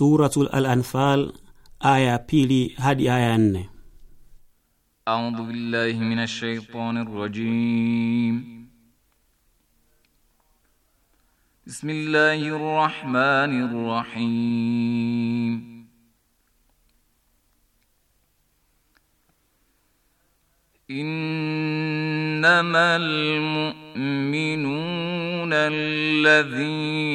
Suratul Al-Anfal aya pili hadi aya nne. A'udhu billahi minash shaitanir rajim. Bismillahir rahmanir rahim. إنما المؤمنون الذين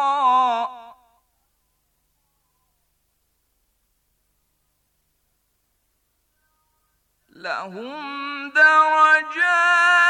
أخرى لهم درجات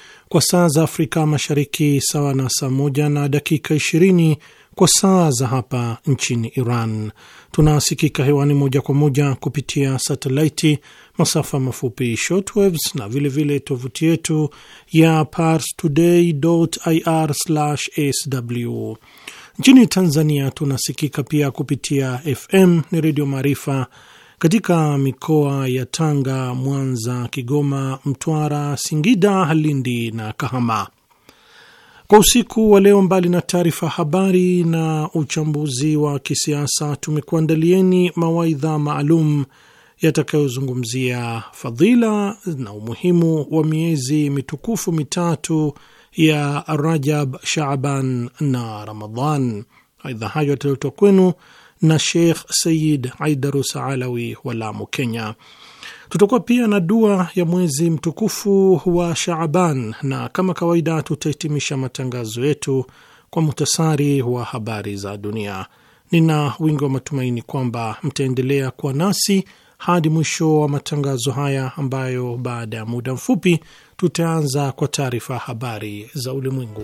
kwa saa za Afrika Mashariki, sawa na saa moja na dakika ishirini kwa saa za hapa nchini Iran. Tunasikika hewani moja kwa moja kupitia satelaiti, masafa mafupi shortwaves, na vilevile tovuti yetu ya parstoday.ir/sw. Nchini Tanzania tunasikika pia kupitia FM ni Redio Maarifa katika mikoa ya Tanga, Mwanza, Kigoma, Mtwara, Singida, Lindi na Kahama. Kwa usiku wa leo, mbali na taarifa habari na uchambuzi wa kisiasa, tumekuandalieni mawaidha maalum yatakayozungumzia fadhila na umuhimu wa miezi mitukufu mitatu ya Rajab, Shaaban na Ramadhan. Mawaidha hayo yataletwa kwenu na Sheikh Sayid Aidarus Alawi wa Lamu, Kenya. Tutakuwa pia na dua ya mwezi mtukufu wa Shaaban, na kama kawaida tutahitimisha matangazo yetu kwa muhtasari wa habari za dunia. Nina wingi wa matumaini kwamba mtaendelea kuwa nasi hadi mwisho wa matangazo haya, ambayo baada ya muda mfupi tutaanza kwa taarifa habari za ulimwengu.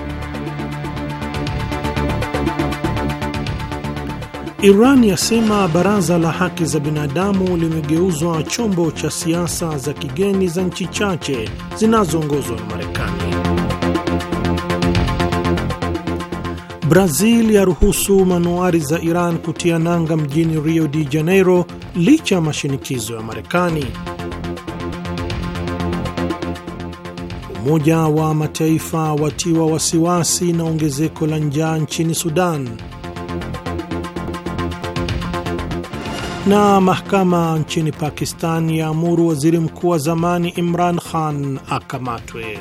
Iran yasema baraza la haki za binadamu limegeuzwa chombo cha siasa za kigeni za nchi chache zinazoongozwa na Marekani. Brazil yaruhusu manuari za Iran kutia nanga mjini Rio de Janeiro licha ya mashinikizo ya Marekani. Umoja wa Mataifa watiwa wasiwasi na ongezeko la njaa nchini Sudan. Na mahakama nchini Pakistan yaamuru waziri mkuu wa zamani Imran Khan akamatwe.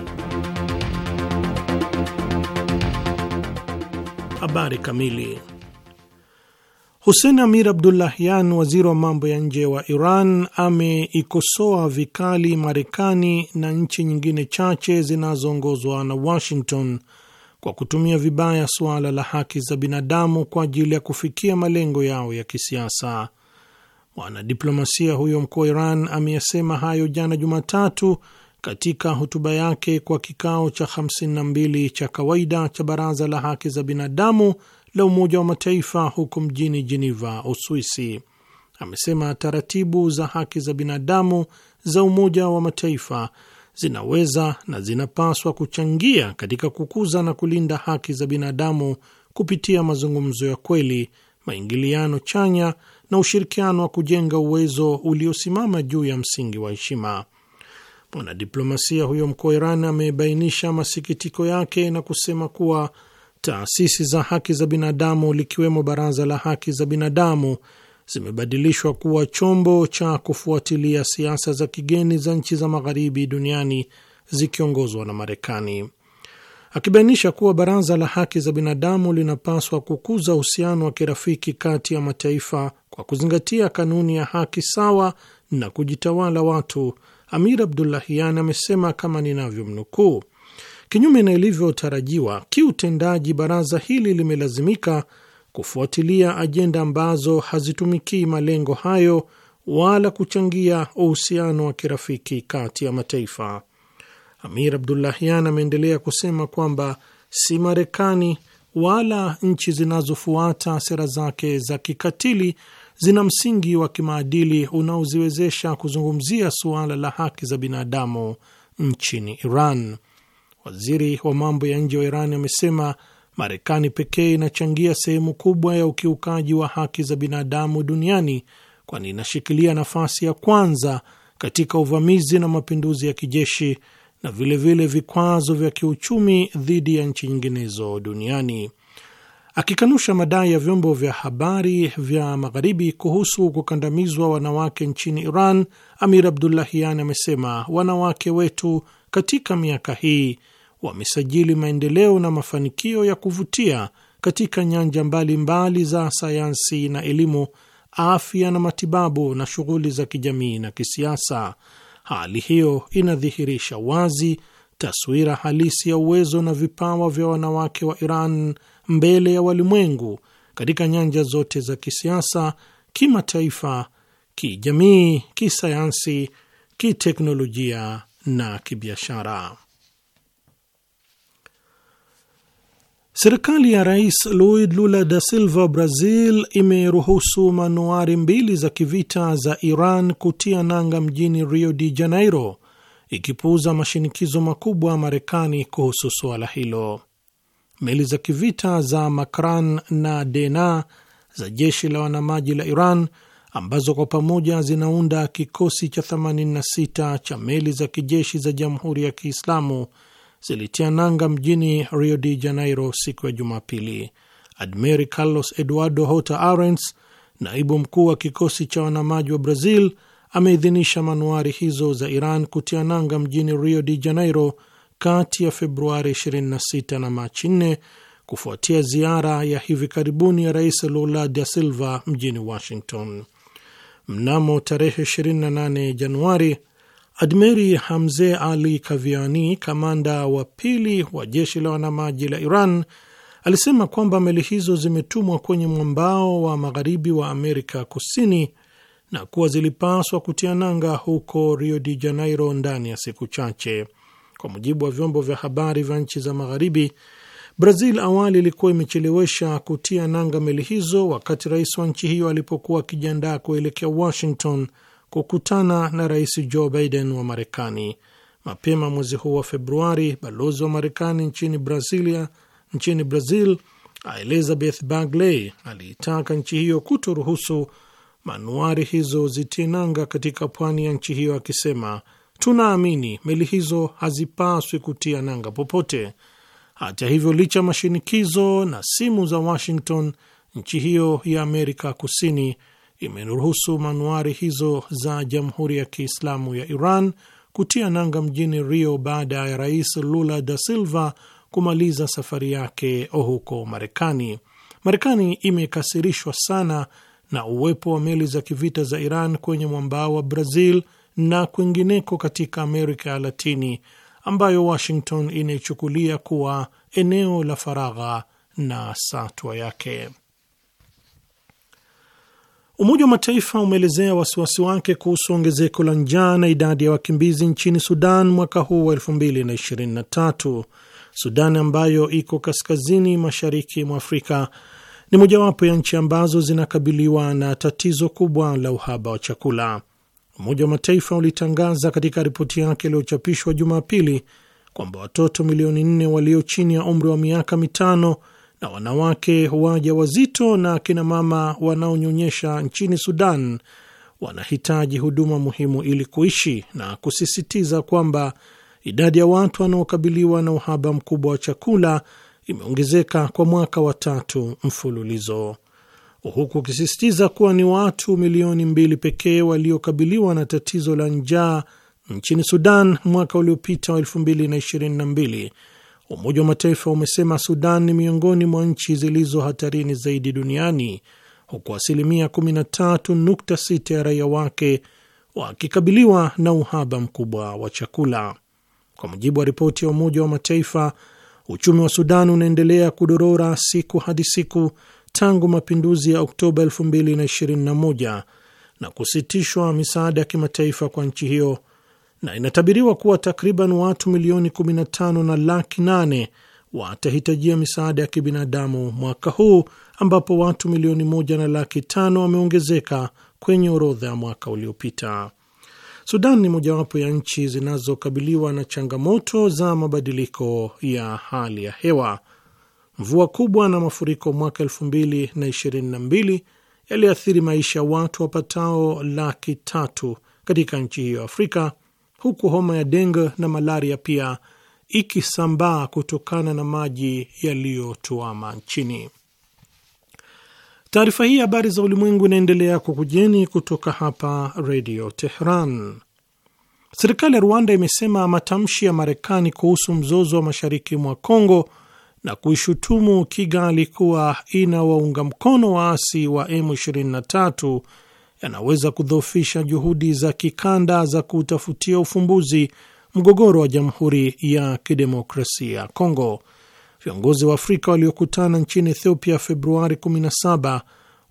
Habari kamili. Hussein Amir Abdullahyan, waziri wa mambo ya nje wa Iran, ameikosoa vikali Marekani na nchi nyingine chache zinazoongozwa na Washington kwa kutumia vibaya suala la haki za binadamu kwa ajili ya kufikia malengo yao ya kisiasa. Mwanadiplomasia huyo mkuu wa Iran ameyasema hayo jana Jumatatu katika hotuba yake kwa kikao cha 52 cha kawaida cha Baraza la Haki za Binadamu la Umoja wa Mataifa huko mjini Jeneva, Uswisi. Amesema taratibu za haki za binadamu za Umoja wa Mataifa zinaweza na zinapaswa kuchangia katika kukuza na kulinda haki za binadamu kupitia mazungumzo ya kweli, maingiliano chanya na ushirikiano wa kujenga uwezo uliosimama juu ya msingi wa heshima. Mwanadiplomasia huyo mkuu Iran amebainisha masikitiko yake na kusema kuwa taasisi za haki za binadamu likiwemo Baraza la Haki za Binadamu zimebadilishwa kuwa chombo cha kufuatilia siasa za kigeni za nchi za magharibi duniani zikiongozwa na Marekani akibainisha kuwa baraza la haki za binadamu linapaswa kukuza uhusiano wa kirafiki kati ya mataifa kwa kuzingatia kanuni ya haki sawa na kujitawala watu. Amir Abdullahian amesema kama ninavyomnukuu, kinyume na ilivyotarajiwa kiutendaji, baraza hili limelazimika kufuatilia ajenda ambazo hazitumikii malengo hayo wala kuchangia uhusiano wa kirafiki kati ya mataifa. Amir Abdullahyan ameendelea kusema kwamba si Marekani wala nchi zinazofuata sera zake za kikatili zina msingi wa kimaadili unaoziwezesha kuzungumzia suala la haki za binadamu nchini Iran. Waziri wa mambo ya nje wa Iran amesema Marekani pekee inachangia sehemu kubwa ya ukiukaji wa haki za binadamu duniani, kwani inashikilia nafasi ya kwanza katika uvamizi na mapinduzi ya kijeshi na vilevile vile vikwazo vya kiuchumi dhidi ya nchi nyinginezo duniani. Akikanusha madai ya vyombo vya habari vya magharibi kuhusu kukandamizwa wanawake nchini Iran, Amir Abdullahian amesema wanawake wetu katika miaka hii wamesajili maendeleo na mafanikio ya kuvutia katika nyanja mbalimbali mbali za sayansi na elimu, afya na matibabu, na shughuli za kijamii na kisiasa Hali hiyo inadhihirisha wazi taswira halisi ya uwezo na vipawa vya wanawake wa Iran mbele ya walimwengu katika nyanja zote za kisiasa, kimataifa, kijamii, kisayansi, kiteknolojia na kibiashara. Serikali ya Rais Luiz Lula da Silva Brazil imeruhusu manuari mbili za kivita za Iran kutia nanga mjini Rio de Janeiro, ikipuuza mashinikizo makubwa ya Marekani kuhusu suala hilo. Meli za kivita za Makran na Dena za jeshi la wanamaji la Iran ambazo kwa pamoja zinaunda kikosi cha 86 cha meli za kijeshi za Jamhuri ya Kiislamu zilitia nanga mjini Rio de Janeiro siku ya Jumapili. Admiri Carlos Eduardo Hota Arens, naibu mkuu wa kikosi cha wanamaji wa Brazil, ameidhinisha manuari hizo za Iran kutia nanga mjini Rio de Janeiro kati ya Februari 26 na Machi 4 kufuatia ziara ya hivi karibuni ya Rais Lula da Silva mjini Washington. Mnamo tarehe 28 Januari, Admeri Hamze Ali Kaviani, kamanda wa pili wa jeshi la wanamaji la Iran, alisema kwamba meli hizo zimetumwa kwenye mwambao wa magharibi wa Amerika Kusini na kuwa zilipaswa kutia nanga huko Rio de Janeiro ndani ya siku chache. Kwa mujibu wa vyombo vya habari vya nchi za Magharibi, Brazil awali ilikuwa imechelewesha kutia nanga meli hizo wakati rais wa nchi hiyo alipokuwa akijiandaa kuelekea Washington kukutana na Rais Joe Biden wa Marekani. Mapema mwezi huu wa Februari, balozi wa Marekani nchini Brazilia nchini Brazil Elizabeth Bagley aliitaka nchi hiyo kutoruhusu manuari hizo zitie nanga katika pwani ya nchi hiyo, akisema tunaamini meli hizo hazipaswi kutia nanga popote. Hata hivyo, licha mashinikizo na simu za Washington, nchi hiyo ya Amerika Kusini imeruhusu manuari hizo za Jamhuri ya Kiislamu ya Iran kutia nanga mjini Rio baada ya Rais Lula da Silva kumaliza safari yake huko Marekani. Marekani imekasirishwa sana na uwepo wa meli za kivita za Iran kwenye mwambao wa Brazil na kwingineko katika Amerika ya Latini ambayo Washington inaichukulia kuwa eneo la faragha na satwa yake. Umoja wa Mataifa umeelezea wasiwasi wake kuhusu ongezeko la njaa na idadi ya wakimbizi nchini Sudan mwaka huu wa 2023. Sudan ambayo iko kaskazini mashariki mwa Afrika ni mojawapo ya nchi ambazo zinakabiliwa na tatizo kubwa la uhaba wa chakula. Umoja wa Mataifa ulitangaza katika ripoti yake iliyochapishwa Jumapili kwamba watoto milioni nne walio chini ya umri wa miaka mitano na wanawake waja wazito na akinamama wanaonyonyesha nchini Sudan wanahitaji huduma muhimu ili kuishi na kusisitiza kwamba idadi ya watu wanaokabiliwa na uhaba mkubwa wa chakula imeongezeka kwa mwaka wa tatu mfululizo, huku ukisisitiza kuwa ni watu milioni mbili pekee waliokabiliwa na tatizo la njaa nchini Sudan mwaka uliopita wa 2022 Umoja wa Mataifa umesema Sudan ni miongoni mwa nchi zilizo hatarini zaidi duniani, huku asilimia 13.6 ya raia wake wakikabiliwa na uhaba mkubwa wa chakula. Kwa mujibu wa ripoti ya Umoja wa Mataifa, uchumi wa Sudan unaendelea kudorora siku hadi siku tangu mapinduzi ya Oktoba 2021 na kusitishwa misaada ya kimataifa kwa nchi hiyo na inatabiriwa kuwa takriban watu milioni 15 na laki 8 watahitajia misaada ya kibinadamu mwaka huu, ambapo watu milioni moja na laki 5 wameongezeka kwenye orodha ya mwaka uliopita. Sudan ni mojawapo ya nchi zinazokabiliwa na changamoto za mabadiliko ya hali ya hewa. Mvua kubwa na mafuriko mwaka 2022 yaliathiri maisha ya watu wapatao laki tatu katika nchi hiyo Afrika huku homa ya dengue na malaria pia ikisambaa kutokana na maji yaliyotuama nchini. Taarifa hii habari za ulimwengu inaendelea kukujeni kutoka hapa Redio Tehran. Serikali ya Rwanda imesema matamshi ya Marekani kuhusu mzozo wa mashariki mwa Kongo na kuishutumu Kigali kuwa inawaunga mkono waasi wa M23 yanaweza kudhoofisha juhudi za kikanda za kutafutia ufumbuzi mgogoro wa Jamhuri ya Kidemokrasia ya Kongo. Viongozi wa Afrika waliokutana nchini Ethiopia Februari 17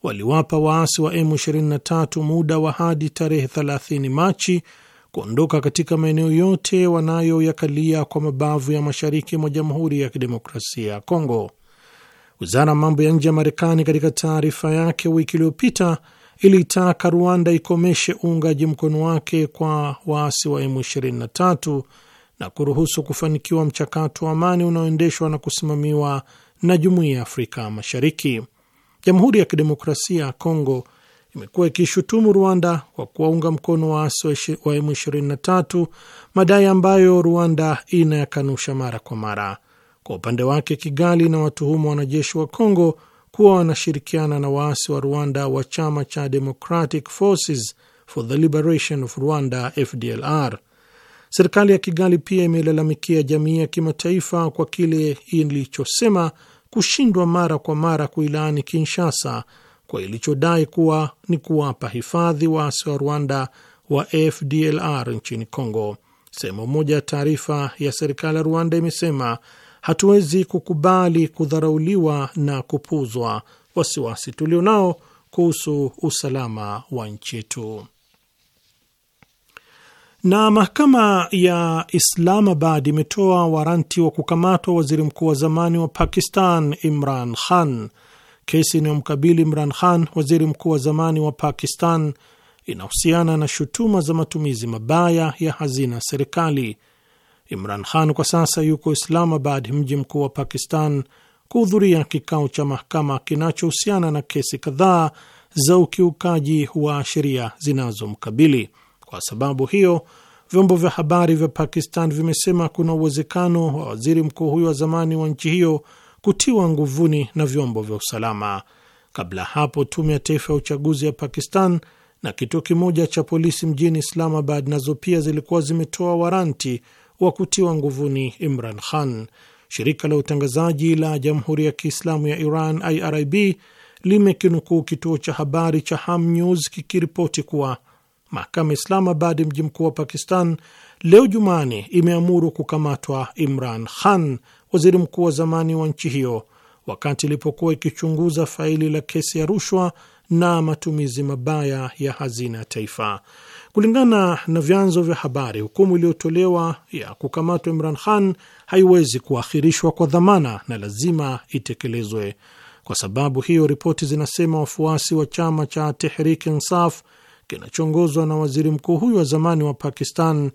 waliwapa waasi wa M23 muda wa hadi tarehe 30 Machi kuondoka katika maeneo yote wanayoyakalia kwa mabavu ya mashariki mwa Jamhuri ya Kidemokrasia ya Kongo. Wizara ya mambo ya nje ya Marekani katika taarifa yake wiki iliyopita iliitaka Rwanda ikomeshe uungaji mkono wake kwa waasi wa M23 na kuruhusu kufanikiwa mchakato wa amani unaoendeshwa na kusimamiwa na Jumuiya ya Afrika Mashariki. Jamhuri ya Kidemokrasia ya Kongo imekuwa ikishutumu Rwanda kwa kuwaunga mkono waasi wa M23, madai ambayo Rwanda inayakanusha mara kwa mara. Kwa upande wake, Kigali na watuhumu wanajeshi wa Kongo kuwa wanashirikiana na waasi wa Rwanda wa chama cha Democratic Forces for the Liberation of Rwanda, FDLR. Serikali ya Kigali pia imelalamikia jamii ya kimataifa kwa kile ilichosema kushindwa mara kwa mara kuilaani Kinshasa kwa ilichodai kuwa ni kuwapa hifadhi waasi wa Rwanda wa FDLR nchini congo Sehemu moja ya taarifa ya serikali ya Rwanda imesema hatuwezi kukubali kudharauliwa na kupuzwa wasiwasi tulio nao kuhusu usalama wa nchi yetu. Na mahakama ya Islamabad imetoa waranti wa kukamatwa waziri mkuu wa zamani wa Pakistan Imran Khan. Kesi inayomkabili Imran Khan, waziri mkuu wa zamani wa Pakistan, inahusiana na shutuma za matumizi mabaya ya hazina serikali. Imran Khan kwa sasa yuko Islamabad, mji mkuu wa Pakistan, kuhudhuria kikao cha mahakama kinachohusiana na kesi kadhaa za ukiukaji wa sheria zinazomkabili. Kwa sababu hiyo, vyombo vya habari vya Pakistan vimesema kuna uwezekano wa waziri mkuu huyo wa zamani wa nchi hiyo kutiwa nguvuni na vyombo vya usalama. Kabla hapo, tume ya taifa ya uchaguzi ya Pakistan na kituo kimoja cha polisi mjini Islamabad nazo pia zilikuwa zimetoa waranti wa kutiwa nguvuni Imran Khan. Shirika la utangazaji la Jamhuri ya Kiislamu ya Iran IRIB limekinukuu kituo cha habari cha Ham News kikiripoti kuwa mahakama Islamabad, mji mkuu wa Pakistan, leo Jumani imeamuru kukamatwa Imran Khan, waziri mkuu wa zamani wa nchi hiyo, wakati ilipokuwa ikichunguza faili la kesi ya rushwa na matumizi mabaya ya hazina ya taifa. Kulingana na vyanzo vya habari, hukumu iliyotolewa ya kukamatwa Imran Khan haiwezi kuahirishwa kwa dhamana na lazima itekelezwe. Kwa sababu hiyo, ripoti zinasema wafuasi wa chama cha Tehrik Insaf kinachoongozwa na waziri mkuu huyo wa zamani wa Pakistan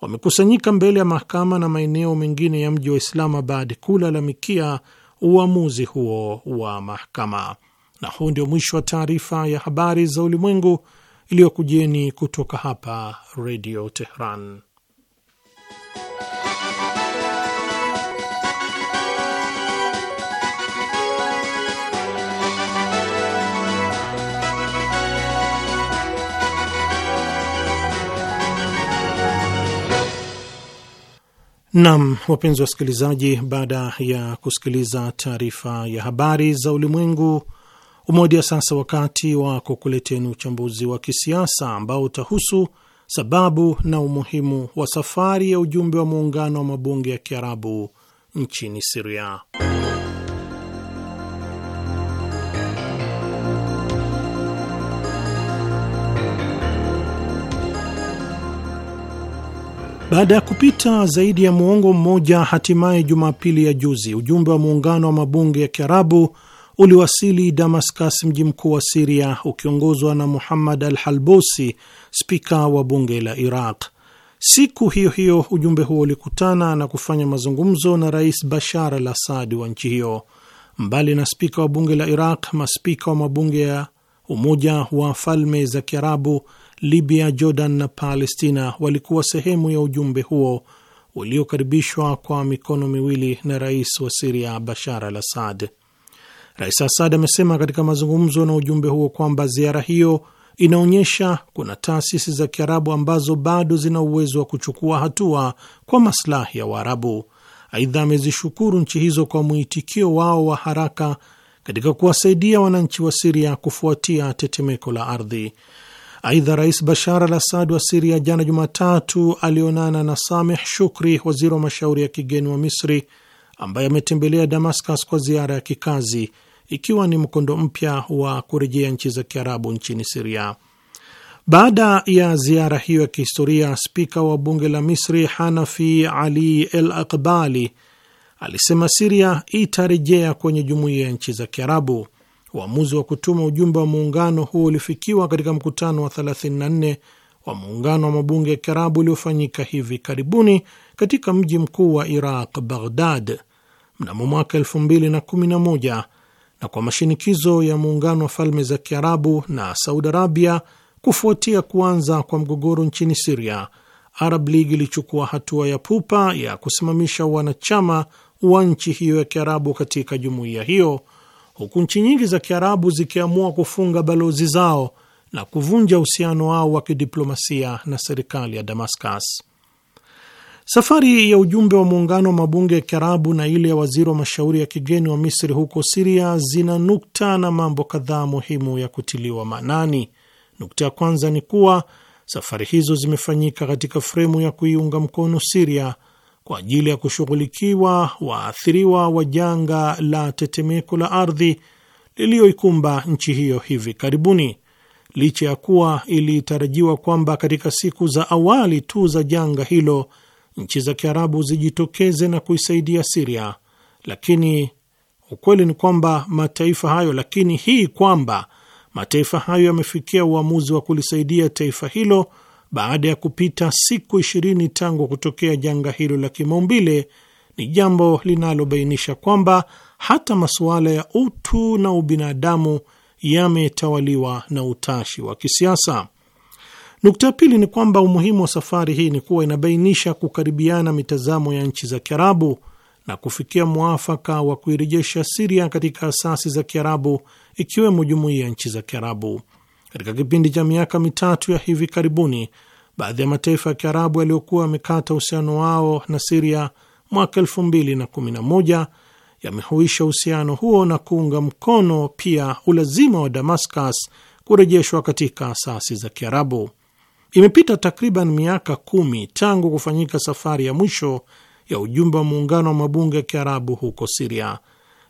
wamekusanyika mbele ya mahakama na maeneo mengine ya mji wa Islamabad kulalamikia uamuzi huo wa mahakama. Na huu ndio mwisho wa taarifa ya habari za ulimwengu iliyokujeni kutoka hapa Redio Tehran. Nam, wapenzi wasikilizaji, baada ya kusikiliza taarifa ya habari za ulimwengu Umoja sasa wakati wa kukuleteni uchambuzi wa kisiasa ambao utahusu sababu na umuhimu wa safari ya ujumbe wa muungano wa mabunge ya Kiarabu nchini Siria. Baada ya kupita zaidi ya muongo mmoja, hatimaye Jumapili ya juzi ujumbe wa muungano wa mabunge ya Kiarabu uliwasili Damascus, mji mkuu wa Siria, ukiongozwa na Muhammad al Halbosi, spika wa bunge la Iraq. Siku hiyo hiyo ujumbe huo ulikutana na kufanya mazungumzo na Rais Bashar al Assad wa nchi hiyo. Mbali na spika wa bunge la Iraq, maspika wa mabunge ya Umoja wa Falme za Kiarabu, Libya, Jordan na Palestina walikuwa sehemu ya ujumbe huo uliokaribishwa kwa mikono miwili na rais wa Siria Bashar al Assad. Rais Assad amesema katika mazungumzo na ujumbe huo kwamba ziara hiyo inaonyesha kuna taasisi za Kiarabu ambazo bado zina uwezo wa kuchukua hatua kwa maslahi ya Waarabu. Aidha, amezishukuru nchi hizo kwa mwitikio wao wa haraka katika kuwasaidia wananchi wa Siria kufuatia tetemeko la ardhi. Aidha, Rais Bashar al Assad wa Siria jana Jumatatu alionana na Sameh Shukri, waziri wa mashauri ya kigeni wa Misri, ambaye ametembelea Damascus kwa ziara ya kikazi ikiwa ni mkondo mpya wa kurejea nchi za Kiarabu nchini Siria. Baada ya ziara hiyo ya kihistoria, spika wa bunge la Misri Hanafi Ali El Akbali alisema Siria itarejea kwenye jumuiya ya nchi za Kiarabu. Uamuzi wa kutuma ujumbe wa muungano huo ulifikiwa katika mkutano wa 34 wa muungano wa mabunge ya Kiarabu uliofanyika hivi karibuni katika mji mkuu wa Iraq, Baghdad, mnamo mwaka 2011 na kwa mashinikizo ya muungano wa falme za Kiarabu na Saudi Arabia kufuatia kuanza kwa mgogoro nchini Siria, Arab League ilichukua hatua ya pupa ya kusimamisha wanachama wa nchi hiyo ya Kiarabu katika jumuiya hiyo, huku nchi nyingi za Kiarabu zikiamua kufunga balozi zao na kuvunja uhusiano wao wa kidiplomasia na serikali ya Damascus. Safari ya ujumbe wa muungano wa mabunge ya Kiarabu na ile ya waziri wa mashauri ya kigeni wa Misri huko Siria zina nukta na mambo kadhaa muhimu ya kutiliwa maanani. Nukta ya kwanza ni kuwa safari hizo zimefanyika katika fremu ya kuiunga mkono Siria kwa ajili ya kushughulikiwa waathiriwa wa janga la tetemeko la ardhi liliyoikumba nchi hiyo hivi karibuni, licha ya kuwa ilitarajiwa kwamba katika siku za awali tu za janga hilo nchi za Kiarabu zijitokeze na kuisaidia Siria, lakini ukweli ni kwamba mataifa hayo, lakini hii kwamba mataifa hayo yamefikia uamuzi wa kulisaidia taifa hilo baada ya kupita siku ishirini tangu kutokea janga hilo la kimaumbile ni jambo linalobainisha kwamba hata masuala ya utu na ubinadamu yametawaliwa na utashi wa kisiasa. Nukta ya pili ni kwamba umuhimu wa safari hii ni kuwa inabainisha kukaribiana mitazamo ya nchi za Kiarabu na kufikia mwafaka wa kuirejesha Siria katika asasi za Kiarabu ikiwemo jumuiya ya nchi za Kiarabu. Katika kipindi cha miaka mitatu ya hivi karibuni, baadhi ya mataifa ya Kiarabu yaliyokuwa yamekata uhusiano wao na Siria mwaka elfu mbili na kumi na moja yamehuisha uhusiano huo na kuunga mkono pia ulazima wa Damascus kurejeshwa katika asasi za Kiarabu. Imepita takriban miaka kumi tangu kufanyika safari ya mwisho ya ujumbe wa muungano wa mabunge ya Kiarabu huko Siria.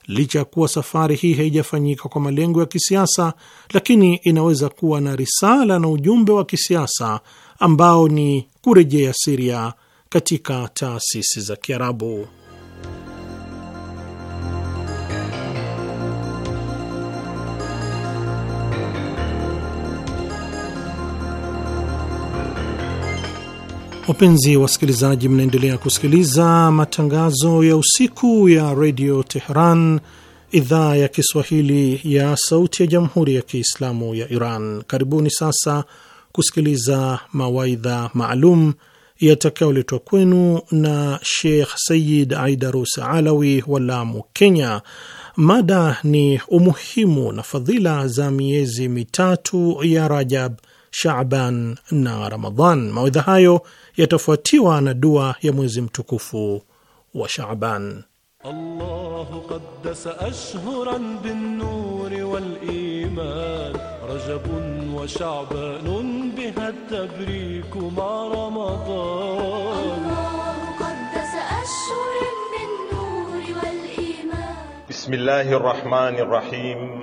Licha ya kuwa safari hii haijafanyika kwa malengo ya kisiasa, lakini inaweza kuwa na risala na ujumbe wa kisiasa ambao ni kurejea Siria katika taasisi za Kiarabu. Wapenzi wasikilizaji, mnaendelea kusikiliza matangazo ya usiku ya redio Teheran, idhaa ya Kiswahili ya sauti ya jamhuri ya Kiislamu ya Iran. Karibuni sasa kusikiliza mawaidha maalum yatakayoletwa kwenu na Sheikh Sayid Aidarus Alawi wa Lamu, Kenya. Mada ni umuhimu na fadhila za miezi mitatu ya Rajab Shaban na Ramadhan. Mawaidha hayo yatafuatiwa na dua ya mwezi mtukufu wa Shaban. Allahu qaddasa ashhuran bin nuri wal iman rajabun wa sha'banun biha tabrik ma ramadan Allahu qaddasa ashhuran bin nuri wal iman Bismillahir rahmanir rahim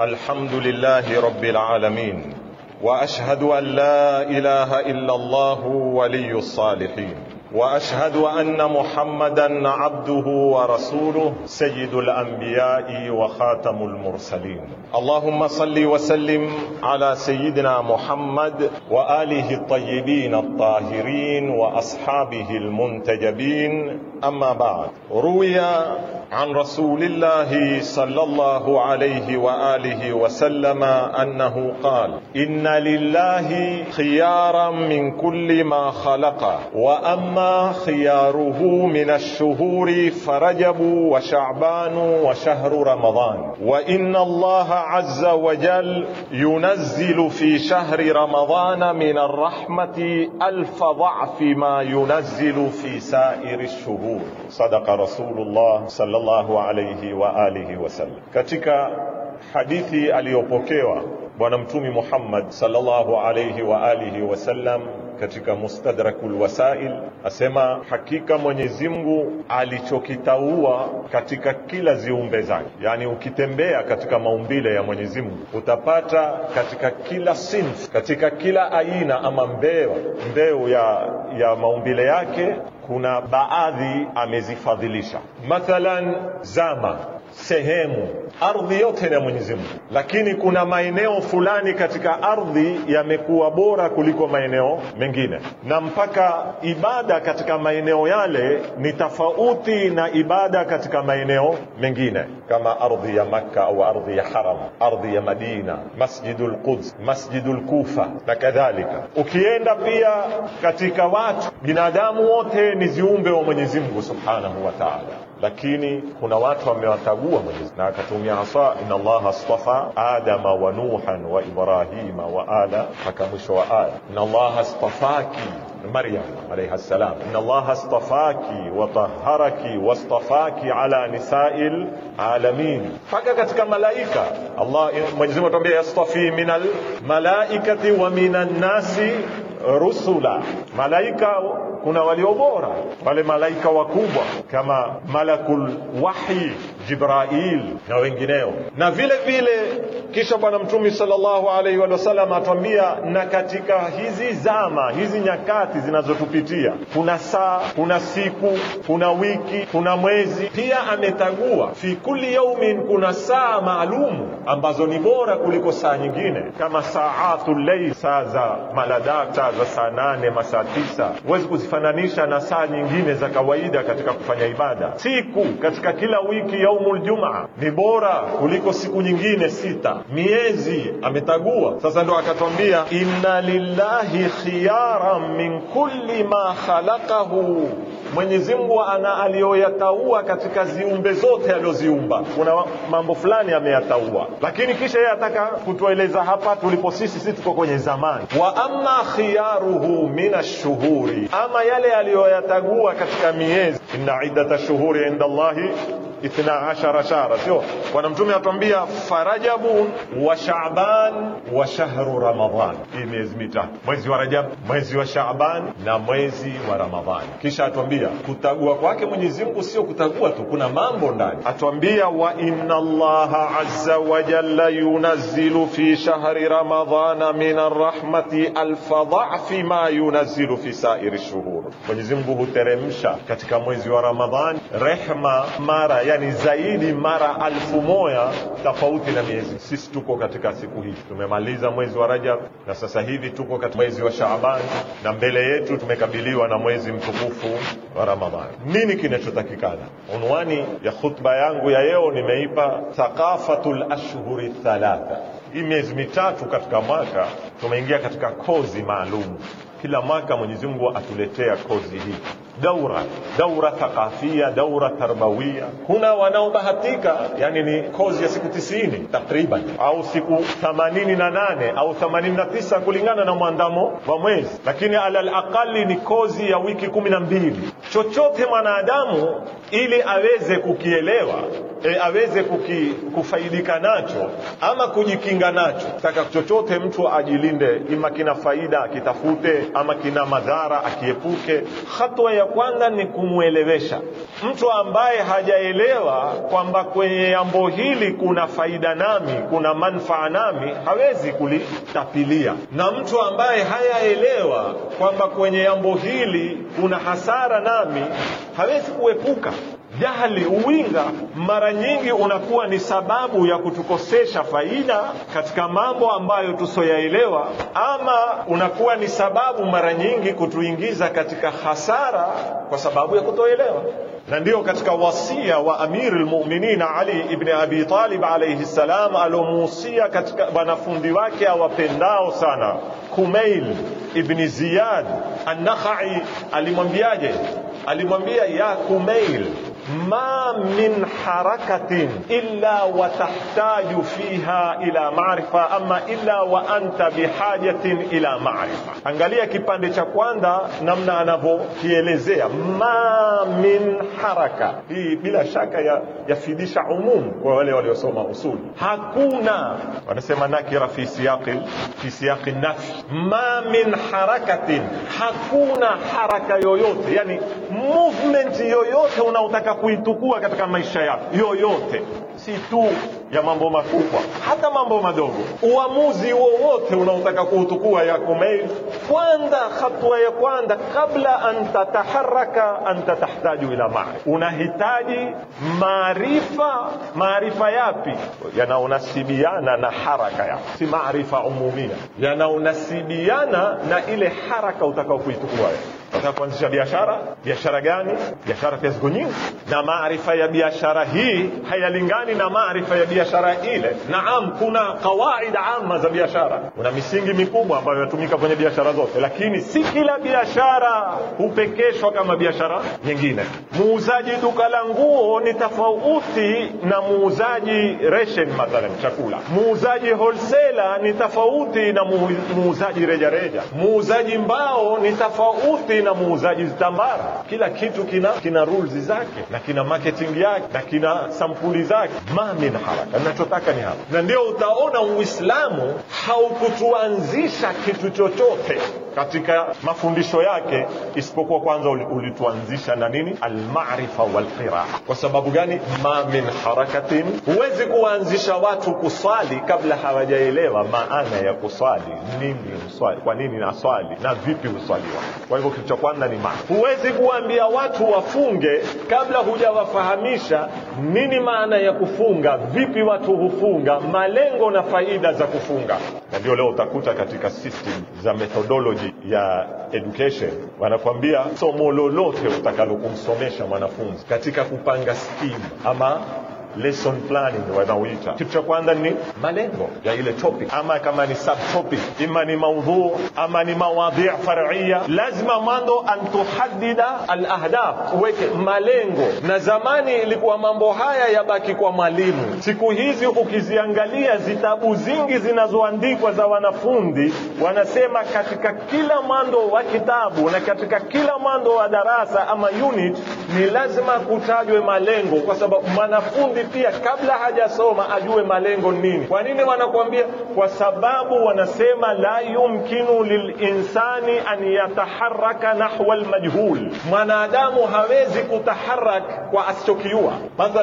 Alhamdulillahi rabbil alamin واشهد ان لا اله الا الله ولي الصالحين واشهد ان محمدا عبده ورسوله سيد الانبياء وخاتم المرسلين اللهم صل وسلم على سيدنا محمد واله الطيبين الطاهرين واصحابه المنتجبين أما بعد روي عن رسول الله صلى الله عليه وآله وسلم أنه قال إن لله خيارا من كل ما خلق وأما خياره من الشهور فرجب وشعبان وشهر رمضان وإن الله عز وجل ينزل في شهر رمضان من الرحمة ألف ضعف ما ينزل في سائر الشهور mashhur, sadaqa Rasulullah sallallahu alayhi wa alihi wasallam. Katika hadithi aliyopokewa Bwana Mtume Muhammad sallallahu alayhi wa alihi wasallam katika Mustadrakul Wasail asema, hakika Mwenyezi Mungu alichokitaua katika kila ziumbe zake, yani ukitembea katika maumbile ya Mwenyezi Mungu utapata katika kila sinf, katika kila aina ama mbeo mbeo ya, ya maumbile yake kuna baadhi amezifadhilisha, mathalan zama sehemu ardhi yote ni ya Mwenyezi Mungu, lakini kuna maeneo fulani katika ardhi yamekuwa bora kuliko maeneo mengine, na mpaka ibada katika maeneo yale ni tofauti na ibada katika maeneo mengine, kama ardhi ya Makka au ardhi ya Haram, ardhi ya Madina, Masjidul Quds, Masjidul Kufa na kadhalika. Ukienda pia katika watu, binadamu wote ni ziumbe wa Mwenyezi Mungu Subhanahu wa Ta'ala lakini kuna watu wamewatagua Mwenyezi na akatumia hasa inna Allah astafa Adama wa Nuhan wa Ibrahima wa ala mpaka mwisho wa aya. Inna Allaha astafaki Maryam alayha salam, inna Allaha astafaki wa tahharaki wastafaki ala nisa'il alamin, mpaka katika malaika. Allah Mwenyezi Mungu atuambia yastafi minal malaikati wa minan nasi rusula, malaika kuna walio bora, wale malaika wakubwa kama malakul wahyi Jibrail na wengineo. Na vile vile kisha Bwana Mtume sallallahu alaihi wa sallam atuambia, na katika hizi zama hizi nyakati zinazotupitia, kuna saa, kuna siku, kuna wiki, kuna mwezi. Pia ametagua fi kulli yaumin, kuna saa maalum ambazo ni bora kuliko saa nyingine, kama saatu layl, saa za maladata za saa nane masaa tisa huwezi kuzifananisha na saa nyingine za kawaida katika kufanya ibada. Siku katika kila wiki yaumul jumaa ni bora kuliko siku nyingine sita. Miezi ametagua sasa, ndo akatwambia inna lillahi khiyara min kulli ma khalaqahu Mwenyezi Mungu ana aliyoyataua katika ziumbe zote aliyoziumba. Kuna mambo fulani ameyataua, lakini kisha yeye ataka kutueleza hapa tulipo sisi, sisi tuko kwenye zamani wa amma khiyara ikhtiyaruhu min ashuhuri, ama yale aliyoyatagua katika miezi. Inna iddata shuhuri inda Allahi ithna ashara shahra, sio? Bwana Mtume atuambia farajabu wa shaaban wa shahru ramadhan, hii miezi mitatu, mwezi wa Rajab, mwezi wa Shaaban na mwezi wa Ramadhan. Kisha atuambia kutagua kwake Mwenyezi Mungu sio kutagua tu, kuna mambo ndani. Atuambia wa inna Allaha azza wa jalla yunazzilu fi shahri ramadhana min arrahmati alfadhafi ma yunazzilu fi sairi shuhur, Mwenyezi Mungu huteremsha katika mwezi wa Ramadhan rehma mara ya yani zaidi mara alfu moja tofauti na miezi. Sisi tuko katika siku hizi, tumemaliza mwezi wa Rajab na sasa hivi tuko katika mwezi wa Shaaban, na mbele yetu tumekabiliwa na mwezi mtukufu wa Ramadhani. Nini kinachotakikana? Unwani ya khutba yangu ya leo nimeipa thaqafatul ashhuri thalatha. Hii miezi mitatu katika mwaka tumeingia katika kozi maalum kila mwaka Mwenyezi Mungu atuletea kozi hii daura daura thakafia daura tarbawia. Kuna wanaobahatika yani, ni kozi ya siku tisini takriban au siku thamanini na nane au thamanini na tisa kulingana na mwandamo wa mwezi, lakini alal aqali ni kozi ya wiki kumi na mbili. Chochote mwanadamu ili aweze kukielewa E, aweze kuki, kufaidika nacho ama kujikinga nacho. Taka chochote mtu ajilinde, ima kina faida akitafute, ama kina madhara akiepuke. Hatua ya kwanza ni kumwelewesha mtu ambaye hajaelewa kwamba kwenye jambo hili kuna faida nami, kuna manufaa nami, hawezi kulitapilia, na mtu ambaye hayaelewa kwamba kwenye jambo hili kuna hasara nami, hawezi kuepuka. Jahli, uwinga, mara nyingi unakuwa ni sababu ya kutukosesha faida katika mambo ambayo tusoyaelewa, ama unakuwa ni sababu mara nyingi kutuingiza katika hasara kwa sababu ya kutoelewa na ndiyo katika wasia wa Amir lmuminin Ali ibn Abi Talib alaihi ssalam, alomuusia katika wanafunzi wake awapendao sana, Kumail ibni Ziyad Annakhai alimwambiaje? Alimwambia ya Kumail ma min harakatin illa watahtaju fiha ila marifa ama illa wa anta bihajatin ila marifa. Angalia kipande cha kwanza namna anavyokielezea ma min haraka hii, bila shaka yafidisha umumu kwa wale waliosoma usuli. Hakuna wanasema nakira fi siyaqi fi siyaqi nafi, ma min harakatin, hakuna haraka yoyote, yani movement yoyote unaotaka unataka kuitukua katika maisha yako yoyote, si tu ya mambo makubwa, hata mambo madogo. Uamuzi wowote unaotaka kuutukua yako mail, kwanza, hatua ya kwanza, kabla antataharaka tataharaka anta tahtaju ila maarifa, unahitaji maarifa. Maarifa yapi? yanaonasibiana na haraka yako, si maarifa umumia, yanaonasibiana na ile haraka utakao kuitukua yako Nataka kuanzisha biashara. Biashara gani? Biashara pia ziko nyingi, na maarifa ya biashara hii hayalingani na maarifa ya biashara ile. Naam, kuna kawaida ama za biashara, kuna misingi mikubwa ambayo inatumika kwenye biashara zote, lakini si kila biashara hupekeshwa kama biashara nyingine. Muuzaji duka la nguo ni tofauti na muuzaji reshen, mathalan chakula. Muuzaji wholesaler ni tofauti na muuzaji rejareja. Muuzaji mbao ni tofauti kina muuzaji zitambara. kila kitu kina kina rules zake na kina marketing yake na kina sampuli zake. min haraka, ninachotaka ni hapa, na ndio utaona Uislamu haukutuanzisha kitu chochote katika mafundisho yake, isipokuwa kwanza ulituanzisha na nini, almarifa walqira. Kwa sababu gani? ma min harakatin, huwezi kuwaanzisha watu kuswali kabla hawajaelewa maana ya kuswali, nini uswali, kwa nini naswali na vipi huswaliwa. Kwa hivyo kitu cha kwanza ni maana. Huwezi kuwaambia watu wafunge kabla hujawafahamisha nini maana ya kufunga, vipi watu hufunga, malengo na faida za kufunga. Na ndio leo utakuta katika system za methodology technology ya education wanakwambia somo lolote utakalokumsomesha mwanafunzi katika kupanga skimu ama lesson planning wanaoita. Kitu cha kwanza ni malengo ya ile topic, ama kama ni subtopic, ima ni maudhu, ama ni mawadhi faria. Lazima mwanzo antuhadida alahdaf, uweke malengo. Na zamani ilikuwa mambo haya yabaki kwa mwalimu. Siku hizi ukiziangalia zitabu zingi zinazoandikwa za wanafunzi, wanasema katika kila mwando wa kitabu na katika kila mwando wa darasa ama unit ni lazima kutajwe malengo, kwa sababu mwanafunzi ili pia kabla hajasoma ajue malengo nini. Kwa nini wanakuambia? Kwa sababu wanasema la yumkinu lilinsani an yataharaka nahwa almajhul, mwanadamu hawezi kutaharak kwa asichokiua.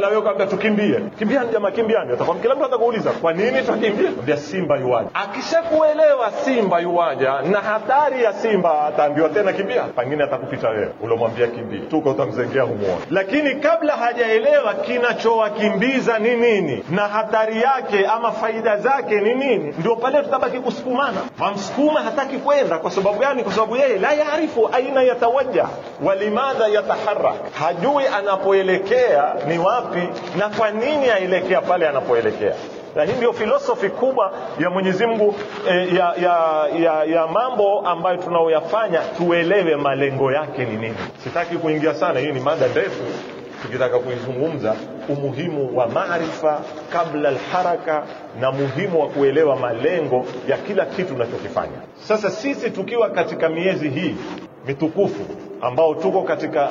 la wewe kaambia tukimbie, kimbiani jamaa, kimbiani, atakwambia kila mtu atakuuliza kwa nini tukimbie? Ndio simba yuaja. Akishakuelewa simba yuwaja na hatari ya simba, ataambiwa tena kimbia, pengine atakupita wewe ulomwambia kimbia, tuko utamzengea humuone. Lakini kabla hajaelewa kinachowaki kukimbiza ni nini na hatari yake ama faida zake ni nini, ndio pale tutabaki kusukumana. Wamsukuma hataki kwenda kwa sababu gani? Kwa sababu yeye la yaarifu aina yatawaja walimadha yataharak, hajui anapoelekea ni wapi na kwa nini aelekea pale anapoelekea na hii ndio filosofi kubwa ya Mwenyezi Mungu e, ya, ya, ya, ya mambo ambayo tunaoyafanya, tuelewe malengo yake ni nini. Sitaki kuingia sana, hii ni mada ndefu tukitaka kuizungumza umuhimu wa maarifa kabla alharaka na muhimu wa kuelewa malengo ya kila kitu tunachokifanya. Sasa sisi tukiwa katika miezi hii mitukufu ambao tuko katika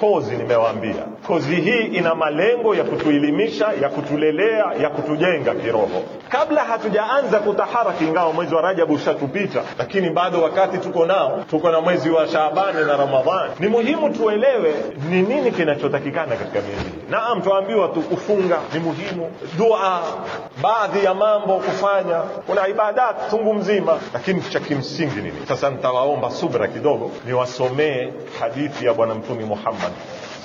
kozi, nimewaambia kozi hii ina malengo ya kutuelimisha, ya kutulelea, ya kutujenga kiroho, kabla hatujaanza kutaharaki. Ingawa mwezi wa Rajabu ushatupita, lakini bado wakati tuko nao, tuko na mwezi wa Shaabani na Ramadhani. Ni muhimu tuelewe ni nini kinachotakikana katika miezi hii. Naam, tuambiwa tu kufunga ni muhimu, dua, baadhi ya mambo kufanya, kuna ibadati tungu mzima, lakini cha kimsingi nini? Sasa nitawaomba subra kidogo, niwasomee hadithi ya Bwana Mtume Muhammad Muhammad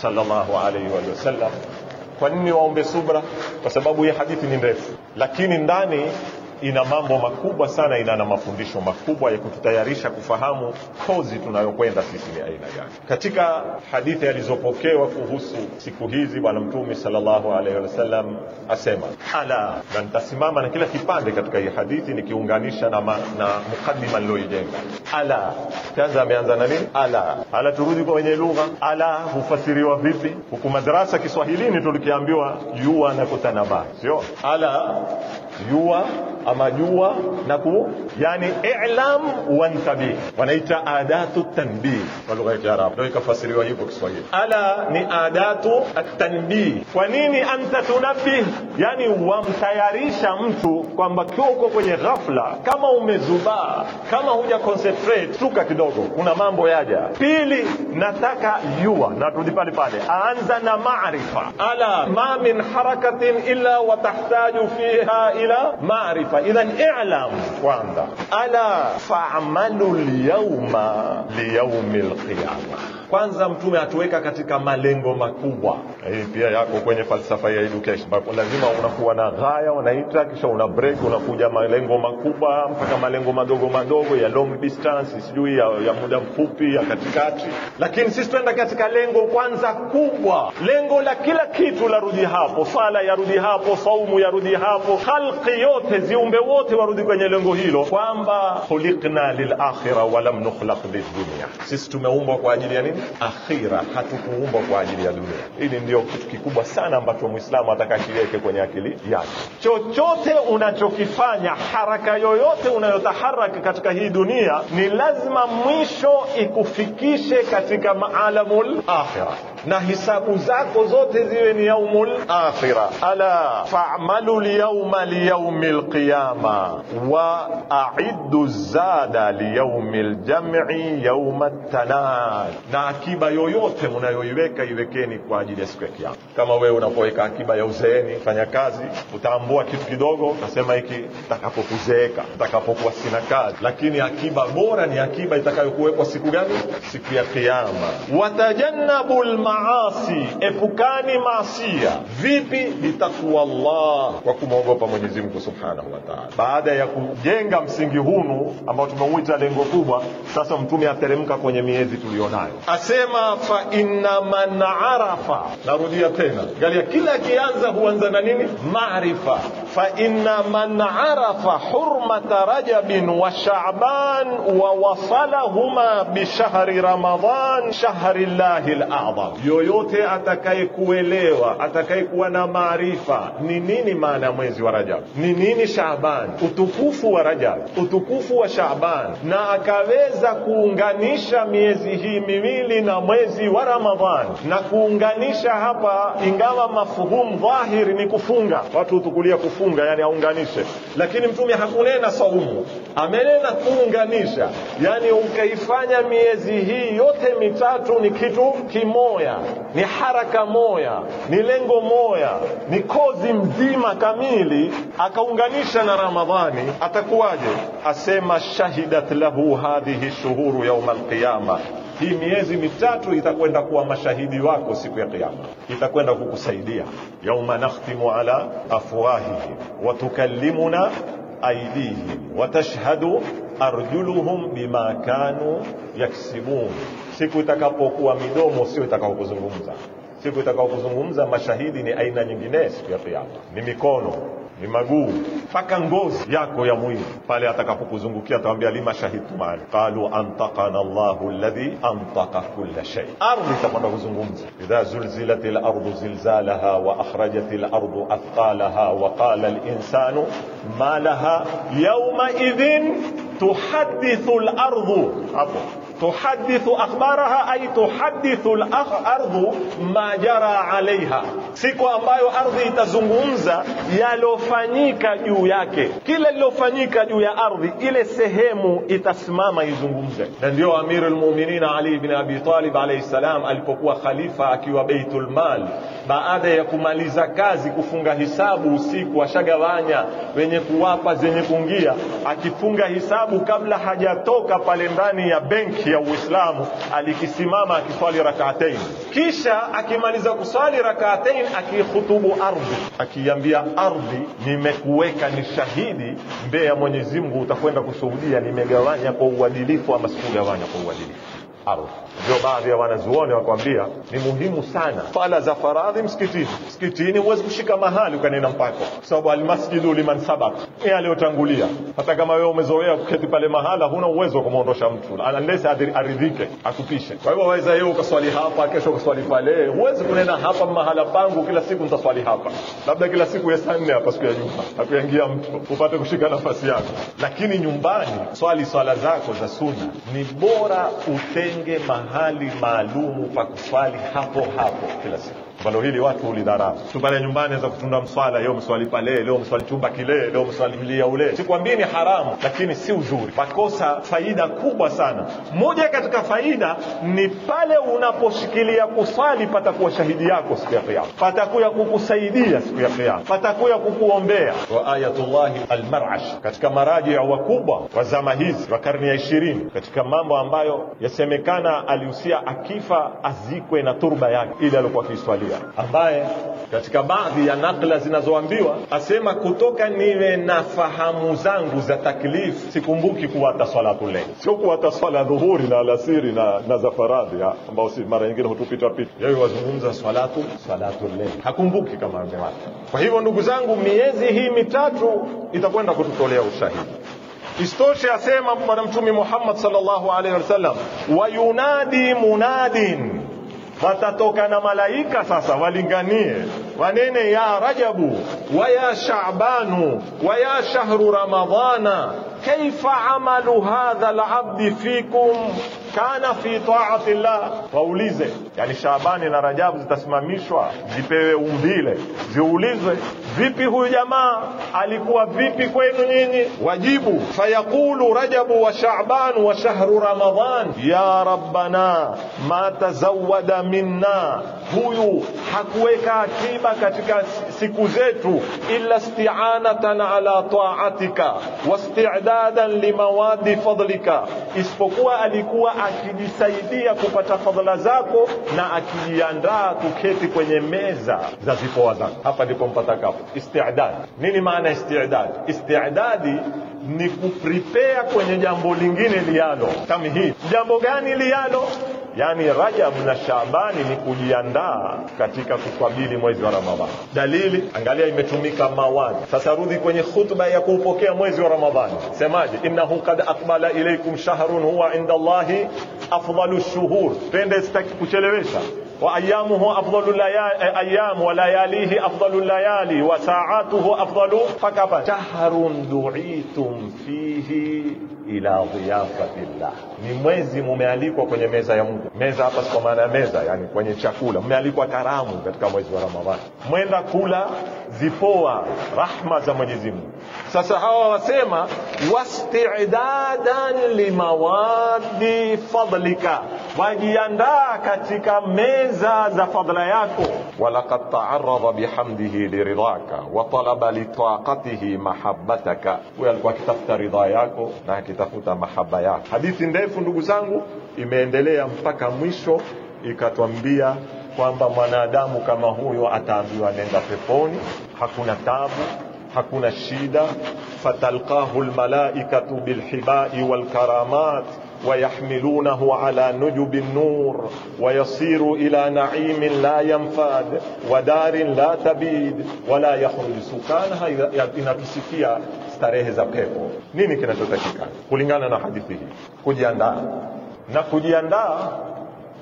sallallahu alaihi wa sallam. Kwa nini waombe subra? Kwa sababu hii hadithi ni ndefu, lakini ndani ina mambo makubwa sana, ina na mafundisho makubwa ya kututayarisha kufahamu kozi tunayokwenda sisi ni aina gani. Katika hadithi alizopokewa kuhusu siku hizi, Bwana Mtume sallallahu alaihi wasallam asema ala, na nitasimama na kila kipande katika hii hadithi nikiunganisha na, na mukaddima niloijenga. Ala kwanza ameanza na nini? Ala ala, turudi kwa wenye lugha. Ala hufasiriwa vipi? Huku madrasa Kiswahilini tulikiambiwa jua na kutanaba, sio ala jua ama jua na ku yani i'lam wa ntabi, wanaita adatu tanbi kwa lugha ya Kiarabu, ndio ikafasiriwa hivyo Kiswahili. Ala ni adatu atanbih. Kwa nini anta tunabih? Yani wamtayarisha mtu kwamba kiwa uko kwenye ghafla, kama umezubaa, kama huja concentrate, shuka kidogo, kuna mambo yaja. Pili, nataka jua, na turudi pale pale, aanza na maarifa. Ala ma min harakatin illa wa tahtaju fiha ila إلى معرفة إذا اعلم واعمل ألا فاعملوا اليوم ليوم القيامة Kwanza Mtume atuweka katika malengo makubwa, hii pia yako kwenye falsafa ya education, ambapo lazima unakuwa na ghaya unaita, kisha una break, unakuja malengo makubwa mpaka malengo madogo madogo ya long distance, sijui ya, ya muda mfupi, ya katikati. Lakini sisi tuenda katika lengo kwanza kubwa, lengo la kila kitu larudi hapo, sala yarudi hapo, saumu yarudi hapo, khalqi yote, ziumbe wote warudi kwenye lengo hilo, kwamba khuliqna lilakhira walam nukhlaq lidunya, sisi tumeumbwa kwa ajili ya nini? akhira, hatukuumbwa kwa ajili ya dunia. Hili ndio kitu kikubwa sana ambacho Muislamu ataka kiweke kwenye akili yake. Chochote unachokifanya, haraka yoyote unayotaharaka katika hii dunia, ni lazima mwisho ikufikishe katika maalamul akhira na hisabu zako zote ziwe ni yaumul akhira. Ala fa'malu liyawma liyaumil qiyama wa a'iddu zada liyaumil jam'i yauma tanad na akiba yoyote mnayoiweka iwekeni kwa ajili ya siku ya Kiyama. Kama wewe unapoweka akiba ya uzeeni, fanya kazi, utaambua kitu kidogo, utasema hiki takapokuzeeka, takapokuwa sina kazi. Lakini akiba bora ni akiba itakayokuwekwa siku gani? Siku ya Kiyama. watajannabul maasi, epukani maasia. Vipi? Bitakuwa Allah, kwa kumwogopa Mwenyezi Mungu subhanahu wa taala. Baada ya kujenga msingi hunu ambao tumeuita lengo kubwa, sasa Mtume ateremka kwenye miezi tuliyonayo, asema fa inna man arafa, narudia tena, galia kila akianza huanza na nini? Maarifa. fa inna man arafa hurmata rajabin wa sha'ban wa wasalahuma bishahri ramadan shahri llahi al-a'zam yoyote atakayekuelewa, atakayekuwa na maarifa ni nini maana ya mwezi wa Rajab, ni nini Shaaban, utukufu wa Rajab, utukufu wa Shaaban, na akaweza kuunganisha miezi hii miwili na mwezi wa Ramadhan na kuunganisha hapa, ingawa mafuhumu dhahiri ni kufunga, watu hutukulia kufunga, yani aunganishe, lakini Mtume hakunena saumu, amenena kuunganisha, yani ukaifanya miezi hii yote mitatu ni kitu kimoya moya, ni haraka moya, ni lengo moya, ni kozi mzima kamili, akaunganisha na Ramadhani, atakuwaje? Asema shahidat lahu hadhihi shuhuru yauma alqiyama hii miezi mitatu itakwenda kuwa mashahidi wako siku ya Kiyama, itakwenda kukusaidia. yauma nakhtimu ala afwahihi wa tukallimuna aidihim watashhadu arjuluhum bima kanu yaksibun, siku itakapokuwa midomo sio itakaokuzungumza. Siku itakaokuzungumza mashahidi ni aina nyingine siku ya Kiyama, ni mikono ni maguu mpaka ngozi yako ya mwili. Pale atakapokuzungukia atawambia, lima shahidtumani qalu antaqana Allahu alladhi antaka kulla shay. Ardhi itakwenda kuzungumza, idha zulzilat lardu zilzalaha wa akhrajat lardu athqalaha wa qala linsanu ma laha yaumaidhin tuhadithu lardu. Hapo tuhadithu akhbaraha ay tuhadithu al-ardhu ma jara alaiha, siku ambayo ardhi itazungumza yalofanyika juu yake, kile lilofanyika juu ya ardhi ile sehemu itasimama izungumze. Na ndio Amirul Mu'minin Ali ibn Abi Talib alayhi salam alipokuwa khalifa akiwa Baitul Mal baada ya kumaliza kazi kufunga hisabu usiku, ashagawanya wenye kuwapa zenye kuingia, akifunga hisabu kabla hajatoka pale ndani ya benki ya Uislamu alikisimama akiswali rak'atain, kisha akimaliza kuswali rak'atain akihutubu ardhi, akiambia ardhi, nimekuweka ni shahidi mbele ya Mwenyezi Mungu, utakwenda kushuhudia nimegawanya kwa uadilifu ama sikugawanya kwa uadilifu harufu. Ndio baadhi ya wanazuoni wakwambia ni muhimu sana sala za faradhi msikitini. Msikitini huwezi kushika mahali ukanena mpako, kwa sababu almasjidu liman sabaq, ni aliyotangulia. Hata kama wewe umezoea kuketi pale mahala, huna uwezo wa kumwondosha mtu unless aridhike, akupishe. Kwa hivyo waweza yeye ukaswali hapa, kesho ukaswali pale. Huwezi kunena hapa mahala pangu kila siku nitaswali hapa, labda kila siku ya saa nne hapa siku ya Juma akuingia mtu upate kushika nafasi yako, lakini nyumbani swali swala zako za sunna, ni bora uten Tutenge mahali maalumu pa kuswali hapo hapo kila siku ambalo hili watu hulidharau tu pale nyumbani za kutunda mswala leo mswali pale leo mswali chumba kile leo mswali mlia ule sikwambii ni haramu lakini si uzuri pakosa faida kubwa sana moja katika faida ni pale unaposhikilia kuswali patakuwa shahidi yako siku ya kiyama patakuya kukusaidia siku ya kiyama patakuya kukuombea wa ayatullahi almarash katika maraji wakubwa wa zama hizi wa karne ya ishirini katika mambo ambayo yasemekana alihusia akifa azikwe na turba yake ili alikuwa akiiswalia mmoja ambaye katika baadhi ya nakla zinazoambiwa asema kutoka niwe na fahamu zangu za taklifu sikumbuki kuwata tule, sio kuwata swala dhuhuri na alasiri na, na za faradhi ah, ambao si mara nyingine hutupita pita, yeye wazungumza swalatu swalatuleil, hakumbuki kama amewata. Kwa hivyo ndugu zangu, miezi hii mitatu itakwenda kututolea ushahidi. Istoshe asema Bwana Mtume Muhammad sallallahu alaihi wasallam, wayunadi munadin watatoka na malaika sasa walinganie wanene ya Rajabu wa ya Shaabanu wa ya shahru Ramadhana kaifa amalu hadha alabdi fikum kana fi taati llah, waulize yani Shabani na Rajabu zitasimamishwa zipewe umbile, ziulizwe vipi huyu jamaa alikuwa vipi kwenu nyinyi? Wajibu, fayaqulu Rajabu wa Shaban wa shahru Ramadhan, ya rabbana ma tazawada minna, huyu hakuweka akiba katika siku zetu, illa sti'anatan ala ta'atika wastidadan limawadi fadlika, isipokuwa alikuwa akijisaidia kupata fadhila zako na akijiandaa kuketi kwenye meza za zipoa zako. Hapa ndipo kafu istidadi Nini maana istidadi Istidadi ni kuprepare kwenye jambo lingine lialo. Kama hii jambo gani lialo? yaani Rajab na Shaabani ni kujiandaa katika kukabili mwezi wa Ramadhani. Dalili angalia, imetumika mawani. Sasa rudi kwenye khutba ya kuupokea mwezi wa Ramadhani, semaje? Innahu qad aqbala ilaykum shahrun huwa inda Allahi afdalu shuhur. Twende, sitaki kuchelewesha وأيامه أفضل الأيام ولياليه أفضل الليالي وساعاته أفضل فكفى شهر دعيتم فيه ila dhiafatillah, ni mwezi mumealikwa kwenye meza ya Mungu. Meza hapa si kwa maana ya meza, yani kwenye chakula, mmealikwa karamu katika mwezi wa Ramadhani, mwenda kula zipoa rahma za Mwenyezi Mungu. Sasa hawa wasema wastidadan limawadi fadlika wajiandaa katika meza za fadhila yako. walaqad taarada bihamdihi liridhaka wa talaba litaqatihi mahabbataka, huyo alikuwa akitafuta ridha yako na akitafuta mahaba yako. Hadithi ndefu ndugu zangu, imeendelea mpaka mwisho, ikatwambia kwamba mwanadamu kama huyo ataambiwa nenda peponi, hakuna tabu, hakuna shida. fatalqahu lmalaikatu bilhibai walkaramat ويحملونه على نجب النور ويصير الى نعيم لا ينفاد ودار لا تبيد ولا يخرج سكانها ينتسكيا ستاره زبقيقو نيني كنا تتكيكا قلنا نحدثه كجياندا نكجياندا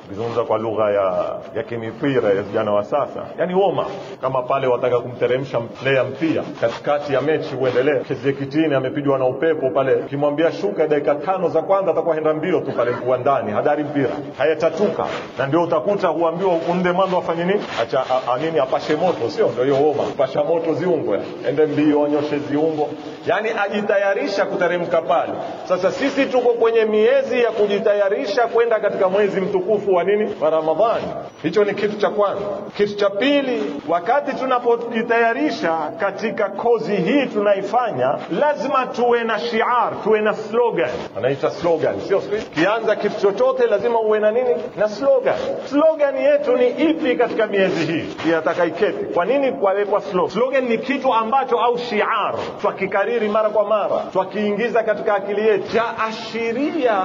kizungumza kwa lugha ya ya kimipira ya vijana wa sasa, yani homa, kama pale wataka kumteremsha player mpira katikati ya mechi uendelee. kitini amepigwa na upepo pale, ukimwambia shuka, dakika tano za kwanza atakuwa henda mbio tu pale uwandani, hadari mpira hayatatuka, na ndio utakuta huambiwa umde mwanzo afanye nini, acha nini, apashe moto, sio ndio? Hiyo homa, pasha moto ziungo, ende mbio, anyoshe ziungo, yani ajitayarisha kuteremka pale. Sasa sisi tuko kwenye miezi ya kujitayarisha kwenda katika mwezi mtukufu wa nini wa Ramadhani. Hicho ni kitu cha kwanza. Kitu cha pili, wakati tunapojitayarisha katika kozi hii tunaifanya, lazima tuwe na shiar, tuwe na slogan, anaita slogan, sio kianza kitu chochote, lazima uwe na nini na slogan. Slogan yetu ni ipi katika miezi hii yatakaiketi? Kwa nini kwawekwa slogan? Slogan ni kitu ambacho au shiar twakikariri mara kwa mara, twakiingiza katika akili yetu, ashiria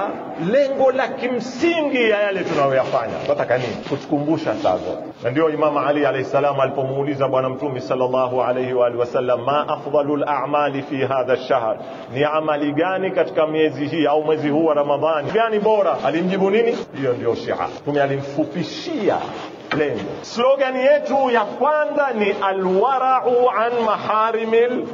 lengo la kimsingi ya yale tunao kuyafanya. Wataka nini? Kutukumbusha sasa. Na ndio imam Ali alayhi salam alipomuuliza Bwana Mtume sallallahu alayhi wa sallam ma afdalul a'mali fi hadha ash-shahr, ni amali gani katika miezi hii au mwezi huu wa Ramadhani gani bora? Alimjibu nini? Hiyo ndio shia. Mtume alimfupishia lengo. Slogan yetu ya kwanza ni alwara'u an maharimil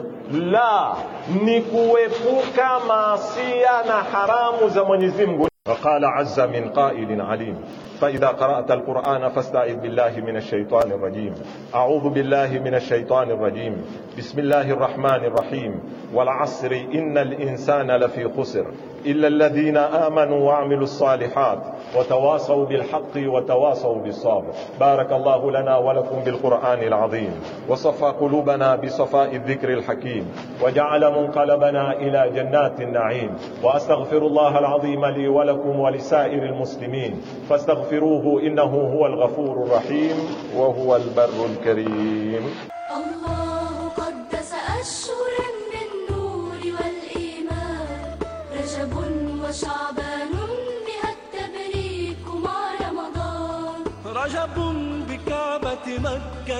la, ni kuepuka maasia na haramu za Mwenyezi Mungu. وقال عز من قائل عليم فإذا قرأت القرآن فاستعذ بالله من الشيطان الرجيم أعوذ بالله من الشيطان الرجيم بسم الله الرحمن الرحيم والعصر إن الإنسان لفي خسر إلا الذين آمنوا وعملوا الصالحات وتواصوا بالحق وتواصوا بالصبر بارك الله لنا ولكم بالقرآن العظيم وصفى قلوبنا بصفاء الذكر الحكيم وجعل منقلبنا إلى جنات النعيم وأستغفر الله العظيم لي ولكم ولسائر المسلمين فاستغفروه إنه هو الغفور الرحيم وهو البر الكريم الله قدس أشهر من والإيمان رجب وشعبان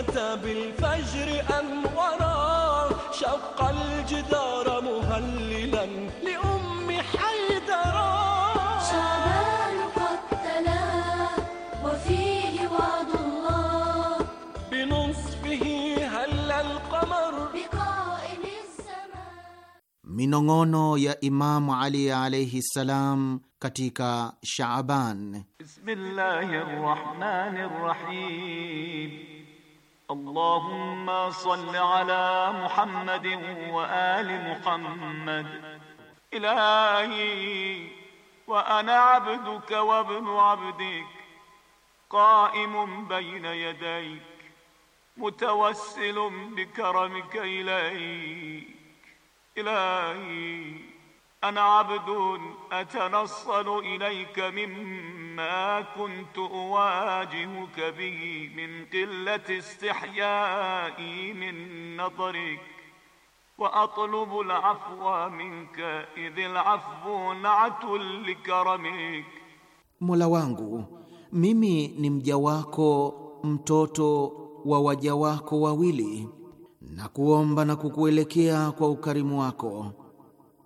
بالفجر بالفجر أنورا شق الجدار مهللا لأم حيدرا شعبان قد تلا وفيه وعد الله بنصفه هل القمر بقائم الزمان علي عليه السلام Ali شعبان بسم katika Shaaban. الرحيم اللهم صل على محمد وآل محمد إلهي وأنا عبدك وابن عبدك قائم بين يديك متوسل بكرمك إليك إلهي ana abdun atanassalu ilayka mimma kuntu uwajihuka bihi min qillati istihyai min nadrik wa atlubu alafwa minka idh alafu na'atun likaramik, Mola wangu mimi ni mja wako mtoto wa waja wako wawili, na kuomba na kukuelekea kwa ukarimu wako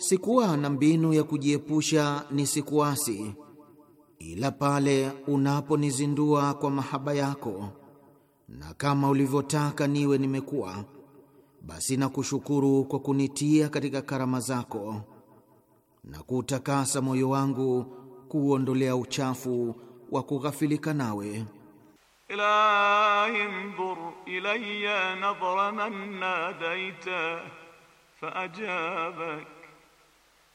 sikuwa na mbinu ya kujiepusha nisikuasi, ila pale unaponizindua kwa mahaba yako, na kama ulivyotaka niwe nimekuwa, basi nakushukuru kwa kunitia katika karama zako na kuutakasa moyo wangu kuuondolea uchafu wa kughafilika nawe. Ilahi nzur ilayya man nadaita faajabak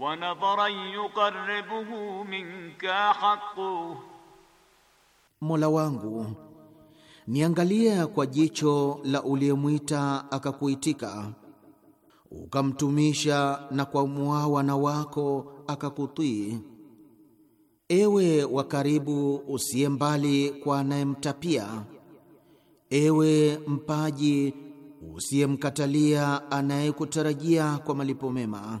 ونظرا يقربه منك حقه Mola wangu niangalia kwa jicho la uliyemwita akakuitika, ukamtumisha na kwa muawana wako akakutii, ewe wa karibu usiye mbali kwa anayemtapia, ewe mpaji usiyemkatalia anayekutarajia kwa malipo mema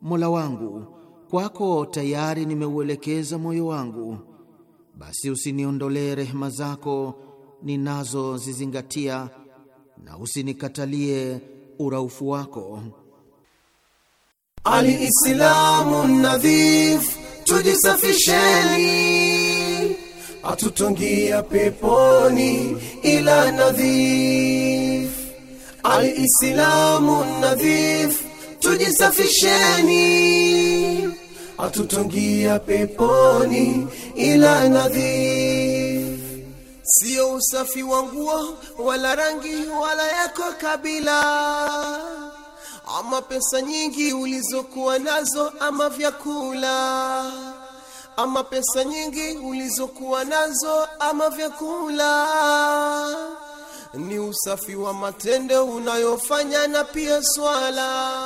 Mola wangu, kwako tayari nimeuelekeza moyo wangu, basi usiniondolee rehema zako ninazozizingatia na usinikatalie uraufu wako. Aliislamu nadhif, tujisafisheni, atutungia peponi ila nadhif. Aliislamu nadhif tujisafisheni, atutungia peponi ila nadhif. Sio usafi wa nguo wala rangi wala yako kabila ama pesa nyingi ulizokuwa nazo ama vyakula ama pesa nyingi ulizokuwa nazo ama vyakula ni usafi wa matendo unayofanya na pia swala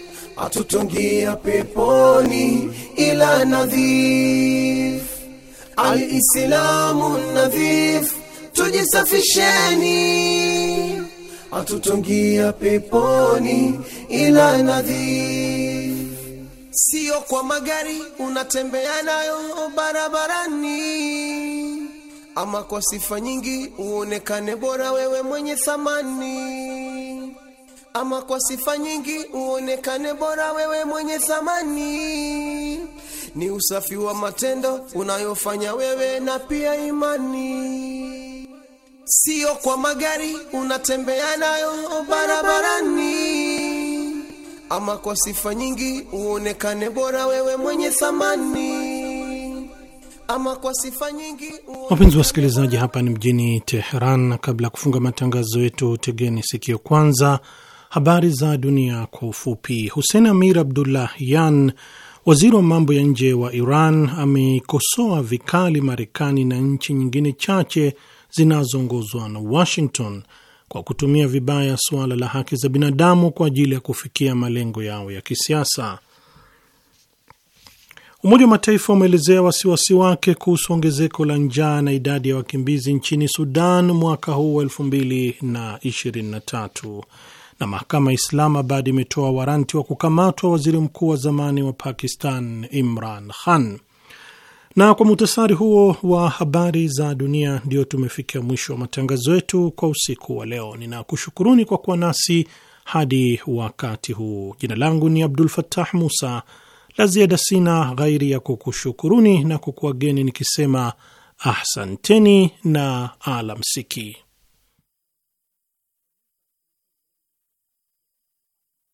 atutungia peponi ila nadhif alislamu nadhif tujisafisheni atutungia peponi ila nadhif sio kwa magari unatembea nayo barabarani ama kwa sifa nyingi uonekane bora wewe mwenye thamani ama kwa sifa nyingi uonekane bora, wewe mwenye thamani ni usafi wa matendo unayofanya wewe na pia imani, sio kwa magari unatembea nayo barabarani. Ama kwa sifa nyingi uonekane bora, wewe mwenye thamani Wapenzi wasikilizaji, hapa ni mjini Teheran, na kabla ya kufunga matangazo yetu, tegeni sikio kwanza Habari za dunia kwa ufupi. Hussein Amir Abdullahian, waziri wa mambo ya nje wa Iran, amekosoa vikali Marekani na nchi nyingine chache zinazoongozwa na Washington kwa kutumia vibaya suala la haki za binadamu kwa ajili ya kufikia malengo yao ya kisiasa. Umoja wa Mataifa umeelezea wasiwasi wake kuhusu ongezeko la njaa na idadi ya wakimbizi nchini Sudan mwaka huu wa 2023 na mahakama ya Islamabad imetoa waranti wa kukamatwa waziri mkuu wa zamani wa Pakistan Imran Khan. Na kwa muhtasari huo wa habari za dunia, ndio tumefikia mwisho wa matangazo yetu kwa usiku wa leo. Ninakushukuruni kwa kuwa nasi hadi wakati huu. Jina langu ni Abdul Fattah Musa. La ziada sina ghairi ya kukushukuruni na kukuageni nikisema ahsanteni na alamsiki.